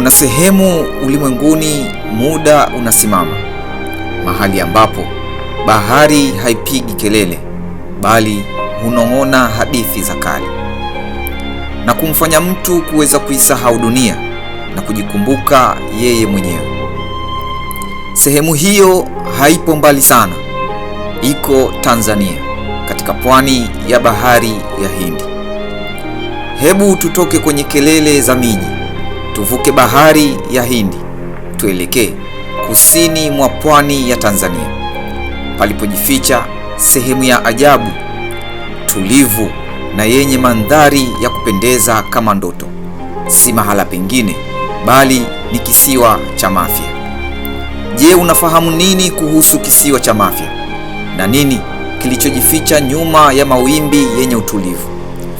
Kuna sehemu ulimwenguni muda unasimama, mahali ambapo bahari haipigi kelele, bali hunong'ona hadithi za kale na kumfanya mtu kuweza kuisahau dunia na kujikumbuka yeye mwenyewe. Sehemu hiyo haipo mbali sana, iko Tanzania katika pwani ya bahari ya Hindi. Hebu tutoke kwenye kelele za miji tuvuke bahari ya Hindi tuelekee kusini mwa pwani ya Tanzania, palipojificha sehemu ya ajabu tulivu na yenye mandhari ya kupendeza kama ndoto. Si mahala pengine, bali ni kisiwa cha Mafia. Je, unafahamu nini kuhusu kisiwa cha Mafia na nini kilichojificha nyuma ya mawimbi yenye utulivu?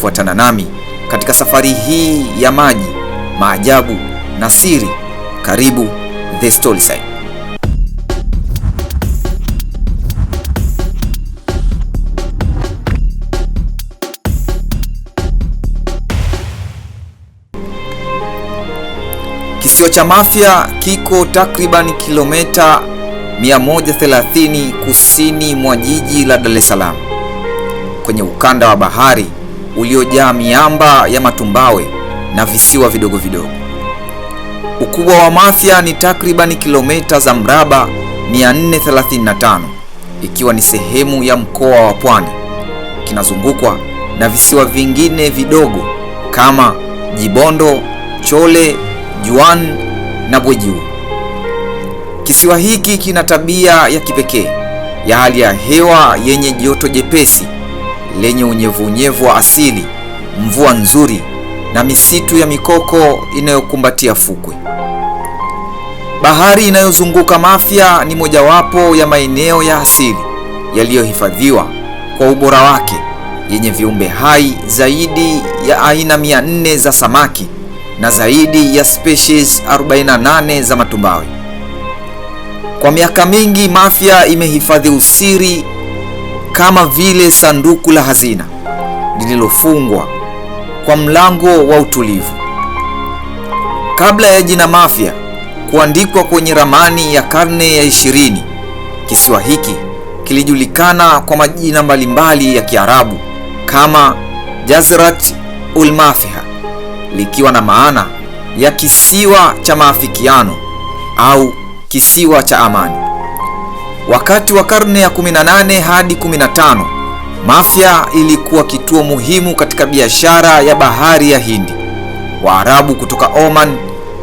Fuatana nami katika safari hii ya maji maajabu na siri. Karibu The Side. Kisiwa cha Mafia kiko takriban kilomita 130 kusini mwa jiji la Dar es Salaam kwenye ukanda wa bahari uliojaa miamba ya matumbawe na visiwa vidogo vidogo. Ukubwa wa Mafia ni takribani kilomita za mraba 435 ikiwa ni sehemu ya mkoa wa Pwani. Kinazungukwa na visiwa vingine vidogo kama Jibondo, Chole, Juan na Bwejuu. Kisiwa hiki kina tabia ya kipekee ya hali ya hewa yenye joto jepesi lenye unyevu wa asili, mvua nzuri na misitu ya mikoko inayokumbatia fukwe. Bahari inayozunguka Mafia ni mojawapo ya maeneo ya asili yaliyohifadhiwa kwa ubora wake, yenye viumbe hai zaidi ya aina 400 za samaki na zaidi ya species 48 za matumbawe. Kwa miaka mingi, Mafia imehifadhi usiri kama vile sanduku la hazina lililofungwa kwa mlango wa utulivu. Kabla ya jina Mafia kuandikwa kwenye ramani ya karne ya ishirini, kisiwa hiki kilijulikana kwa majina mbalimbali ya Kiarabu kama Jazrat Ulmafia, likiwa na maana ya kisiwa cha maafikiano au kisiwa cha amani. Wakati wa karne ya 18 hadi 15, Mafia ilikuwa kituo muhimu katika biashara ya bahari ya Hindi. Waarabu kutoka Oman,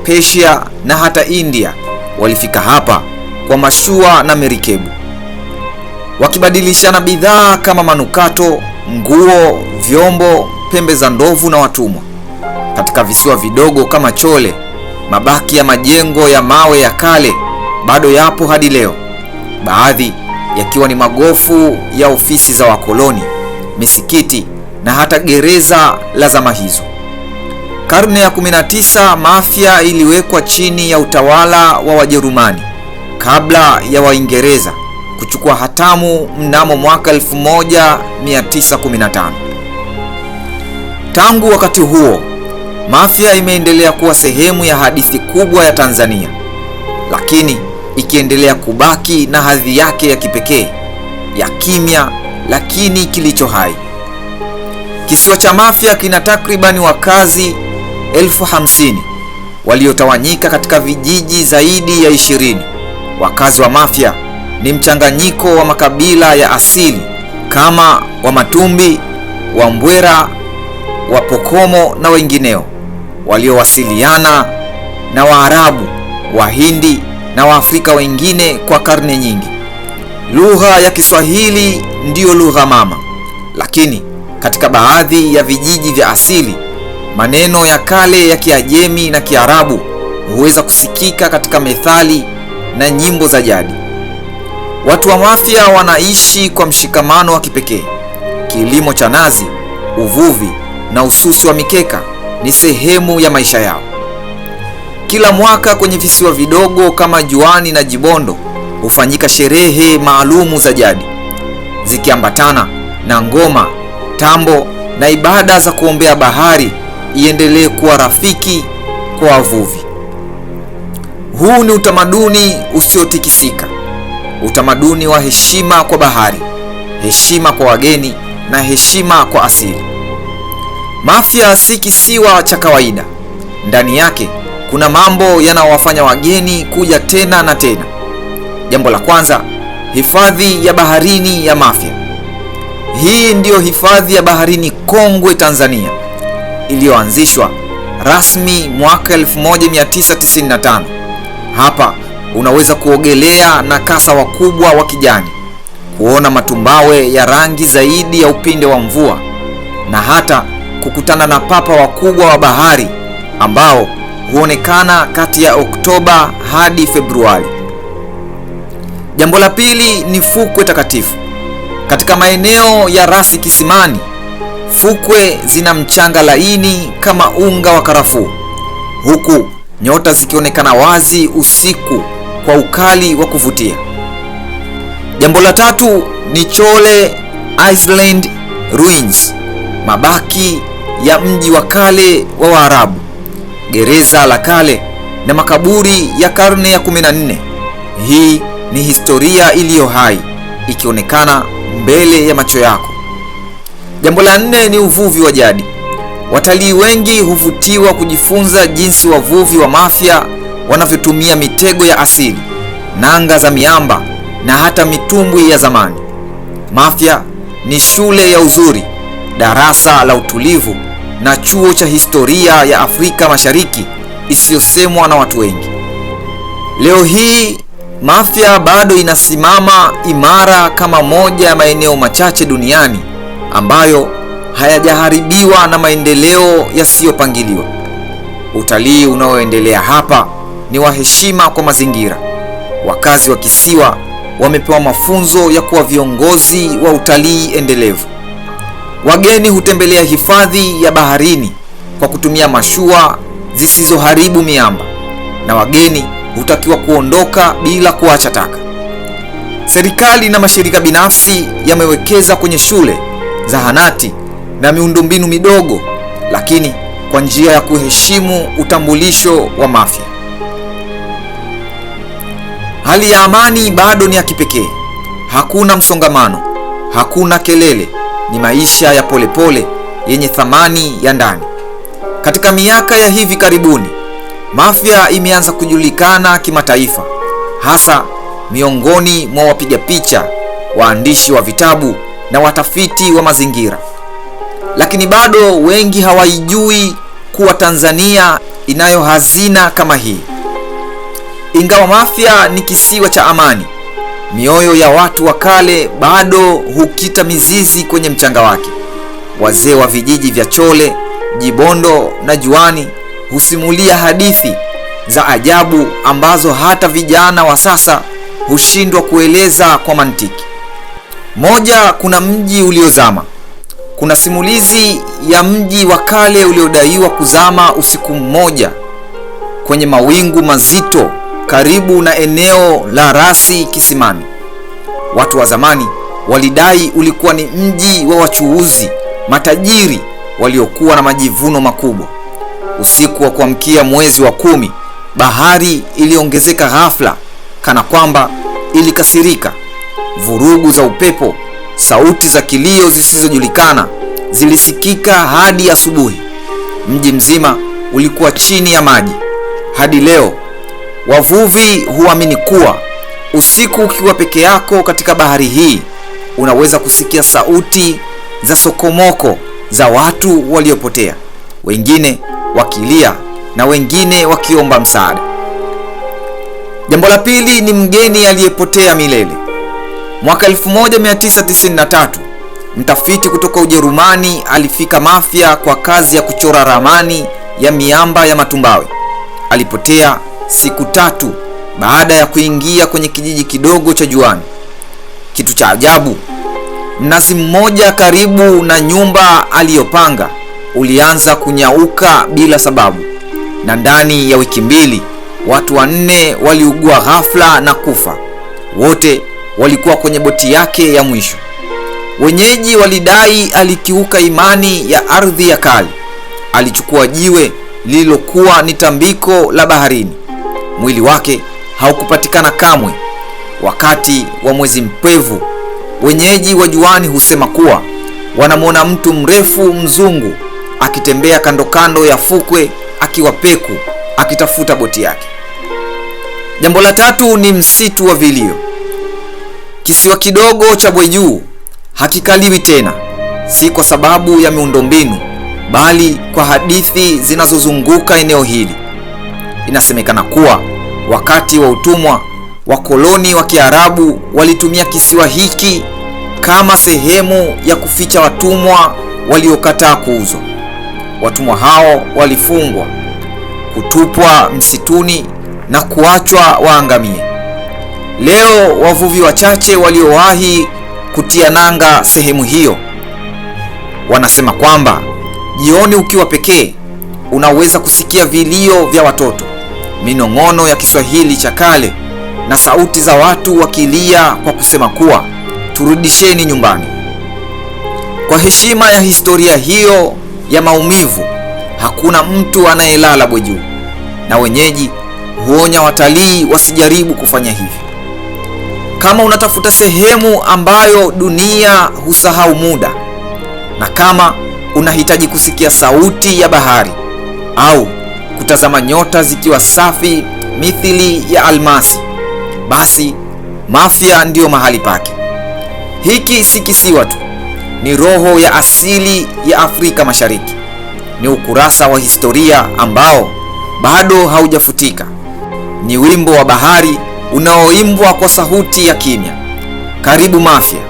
Persia na hata India walifika hapa kwa mashua na merikebu, wakibadilishana bidhaa kama manukato, nguo, vyombo, pembe za ndovu na watumwa. Katika visiwa vidogo kama Chole, mabaki ya majengo ya mawe ya kale bado yapo hadi leo, baadhi yakiwa ni magofu ya ofisi za wakoloni, misikiti na hata gereza la zama hizo. Karne ya 19 Mafia iliwekwa chini ya utawala wa Wajerumani kabla ya Waingereza kuchukua hatamu mnamo mwaka 1915. Tangu wakati huo, Mafia imeendelea kuwa sehemu ya hadithi kubwa ya Tanzania, lakini ikiendelea kubaki na hadhi yake ya kipekee ya kimya lakini kilicho hai. Kisiwa cha Mafia kina takribani wakazi elfu hamsini waliotawanyika katika vijiji zaidi ya ishirini. Wakazi wa Mafia ni mchanganyiko wa makabila ya asili kama Wamatumbi, Wambwera, Wapokomo na wengineo waliowasiliana na Waarabu, Wahindi na Waafrika wengine kwa karne nyingi. Lugha ya Kiswahili ndiyo lugha mama, lakini katika baadhi ya vijiji vya asili, maneno ya kale ya Kiajemi na Kiarabu huweza kusikika katika methali na nyimbo za jadi. Watu wa Mafia wanaishi kwa mshikamano wa kipekee. Kilimo cha nazi, uvuvi na ususi wa mikeka ni sehemu ya maisha yao. Kila mwaka kwenye visiwa vidogo kama Juani na Jibondo hufanyika sherehe maalumu za jadi zikiambatana na ngoma mitambo na ibada za kuombea bahari iendelee kuwa rafiki kwa wavuvi. Huu ni utamaduni usiotikisika, utamaduni wa heshima kwa bahari, heshima kwa wageni na heshima kwa asili. Mafia si kisiwa cha kawaida. Ndani yake kuna mambo yanayowafanya wageni kuja tena na tena. Jambo la kwanza, hifadhi ya baharini ya Mafia. Hii ndiyo hifadhi ya baharini kongwe Tanzania iliyoanzishwa rasmi mwaka 1995. Hapa unaweza kuogelea na kasa wakubwa wa kijani, kuona matumbawe ya rangi zaidi ya upinde wa mvua, na hata kukutana na papa wakubwa wa bahari ambao huonekana kati ya Oktoba hadi Februari. Jambo la pili ni fukwe takatifu. Katika maeneo ya rasi kisimani, fukwe zina mchanga laini kama unga wa karafuu, huku nyota zikionekana wazi usiku kwa ukali wa kuvutia. Jambo la tatu ni Chole Island Ruins, mabaki ya mji wa kale wa Waarabu, gereza la kale na makaburi ya karne ya 14. Hii ni historia iliyo hai ikionekana mbele ya macho yako. Jambo la nne ni uvuvi wa jadi. Watalii wengi huvutiwa kujifunza jinsi wavuvi wa Mafia wanavyotumia mitego ya asili, nanga za miamba na hata mitumbwi ya zamani. Mafia ni shule ya uzuri, darasa la utulivu na chuo cha historia ya Afrika Mashariki isiyosemwa na watu wengi. Leo hii Mafia bado inasimama imara kama moja ya maeneo machache duniani ambayo hayajaharibiwa na maendeleo yasiyopangiliwa. Utalii unaoendelea hapa ni wa heshima kwa mazingira. Wakazi wa kisiwa wamepewa mafunzo ya kuwa viongozi wa utalii endelevu. Wageni hutembelea hifadhi ya baharini kwa kutumia mashua zisizoharibu miamba na wageni hutakiwa kuondoka bila kuacha taka. Serikali na mashirika binafsi yamewekeza kwenye shule, zahanati na miundombinu midogo, lakini kwa njia ya kuheshimu utambulisho wa Mafia. Hali ya amani bado ni ya kipekee. Hakuna msongamano, hakuna kelele, ni maisha ya polepole pole yenye thamani ya ndani. Katika miaka ya hivi karibuni Mafia imeanza kujulikana kimataifa, hasa miongoni mwa wapiga picha, waandishi wa vitabu na watafiti wa mazingira, lakini bado wengi hawaijui kuwa Tanzania inayo hazina kama hii. Ingawa Mafia ni kisiwa cha amani, mioyo ya watu wa kale bado hukita mizizi kwenye mchanga wake. Wazee wa vijiji vya Chole, Jibondo na Juani husimulia hadithi za ajabu ambazo hata vijana wa sasa hushindwa kueleza kwa mantiki. Moja, kuna mji uliozama. Kuna simulizi ya mji wa kale uliodaiwa kuzama usiku mmoja kwenye mawingu mazito karibu na eneo la rasi kisimani. Watu wa zamani walidai ulikuwa ni mji wa wachuuzi matajiri waliokuwa na majivuno makubwa. Usiku wa kuamkia mwezi wa kumi, bahari iliongezeka ghafla, kana kwamba ilikasirika. Vurugu za upepo, sauti za kilio zisizojulikana zilisikika hadi asubuhi. Mji mzima ulikuwa chini ya maji. Hadi leo wavuvi huamini kuwa usiku ukiwa peke yako katika bahari hii, unaweza kusikia sauti za sokomoko za watu waliopotea. Wengine wakilia na wengine wakiomba msaada. Jambo la pili ni mgeni aliyepotea milele. Mwaka 1993 mtafiti kutoka Ujerumani alifika Mafia kwa kazi ya kuchora ramani ya miamba ya matumbawe. Alipotea siku tatu baada ya kuingia kwenye kijiji kidogo cha Juani. Kitu cha ajabu, mnazi mmoja karibu na nyumba aliyopanga ulianza kunyauka bila sababu, na ndani ya wiki mbili watu wanne waliugua ghafla na kufa. Wote walikuwa kwenye boti yake ya mwisho. Wenyeji walidai alikiuka imani ya ardhi ya kale. Alichukua jiwe lililokuwa ni tambiko la baharini. Mwili wake haukupatikana kamwe. Wakati wa mwezi mpevu wenyeji wa juani husema kuwa wanamwona mtu mrefu mzungu akitembea kando kando ya fukwe akiwa peku akitafuta boti yake. Jambo la tatu ni msitu wa vilio. Kisiwa kidogo cha Bwejuu hakikaliwi tena, si kwa sababu ya miundombinu, bali kwa hadithi zinazozunguka eneo hili. Inasemekana kuwa wakati wa utumwa, wakoloni wa Kiarabu walitumia kisiwa hiki kama sehemu ya kuficha watumwa waliokataa kuuzwa. Watumwa hao walifungwa, kutupwa msituni na kuachwa waangamie. Leo wavuvi wachache waliowahi kutia nanga sehemu hiyo wanasema kwamba jioni ukiwa pekee unaweza kusikia vilio vya watoto, minong'ono ya Kiswahili cha kale na sauti za watu wakilia kwa kusema kuwa turudisheni nyumbani. Kwa heshima ya historia hiyo ya maumivu, hakuna mtu anayelala bwejuu, na wenyeji huonya watalii wasijaribu kufanya hivyo. Kama unatafuta sehemu ambayo dunia husahau muda, na kama unahitaji kusikia sauti ya bahari au kutazama nyota zikiwa safi mithili ya almasi, basi Mafia ndiyo mahali pake. Hiki si kisiwa tu ni roho ya asili ya Afrika Mashariki. Ni ukurasa wa historia ambao bado haujafutika. Ni wimbo wa bahari unaoimbwa kwa sauti ya kimya. Karibu Mafia,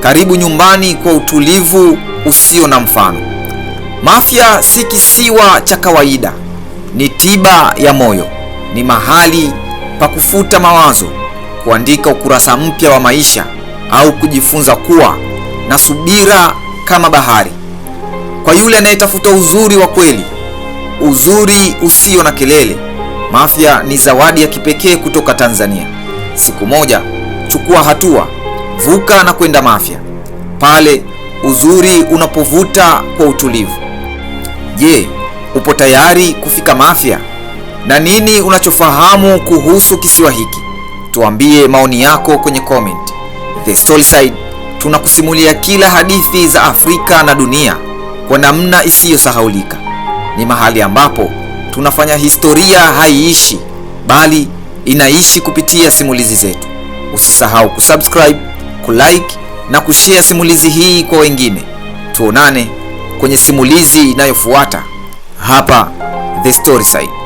karibu nyumbani kwa utulivu usio na mfano. Mafia si kisiwa cha kawaida, ni tiba ya moyo, ni mahali pa kufuta mawazo, kuandika ukurasa mpya wa maisha, au kujifunza kuwa na subira kama bahari, kwa yule anayetafuta uzuri wa kweli, uzuri usio na kelele. Mafya ni zawadi ya kipekee kutoka Tanzania. Siku moja chukua hatua, vuka na kwenda Mafya, pale uzuri unapovuta kwa utulivu. Je, upo tayari kufika Mafya? Na nini unachofahamu kuhusu kisiwa hiki? Tuambie maoni yako kwenye comment. The Storyside tunakusimulia kila hadithi za Afrika na dunia kwa namna isiyosahaulika. Ni mahali ambapo tunafanya historia haiishi, bali inaishi kupitia simulizi zetu. Usisahau kusubscribe, kulike na kushare simulizi hii kwa wengine. Tuonane kwenye simulizi inayofuata hapa The Storyside.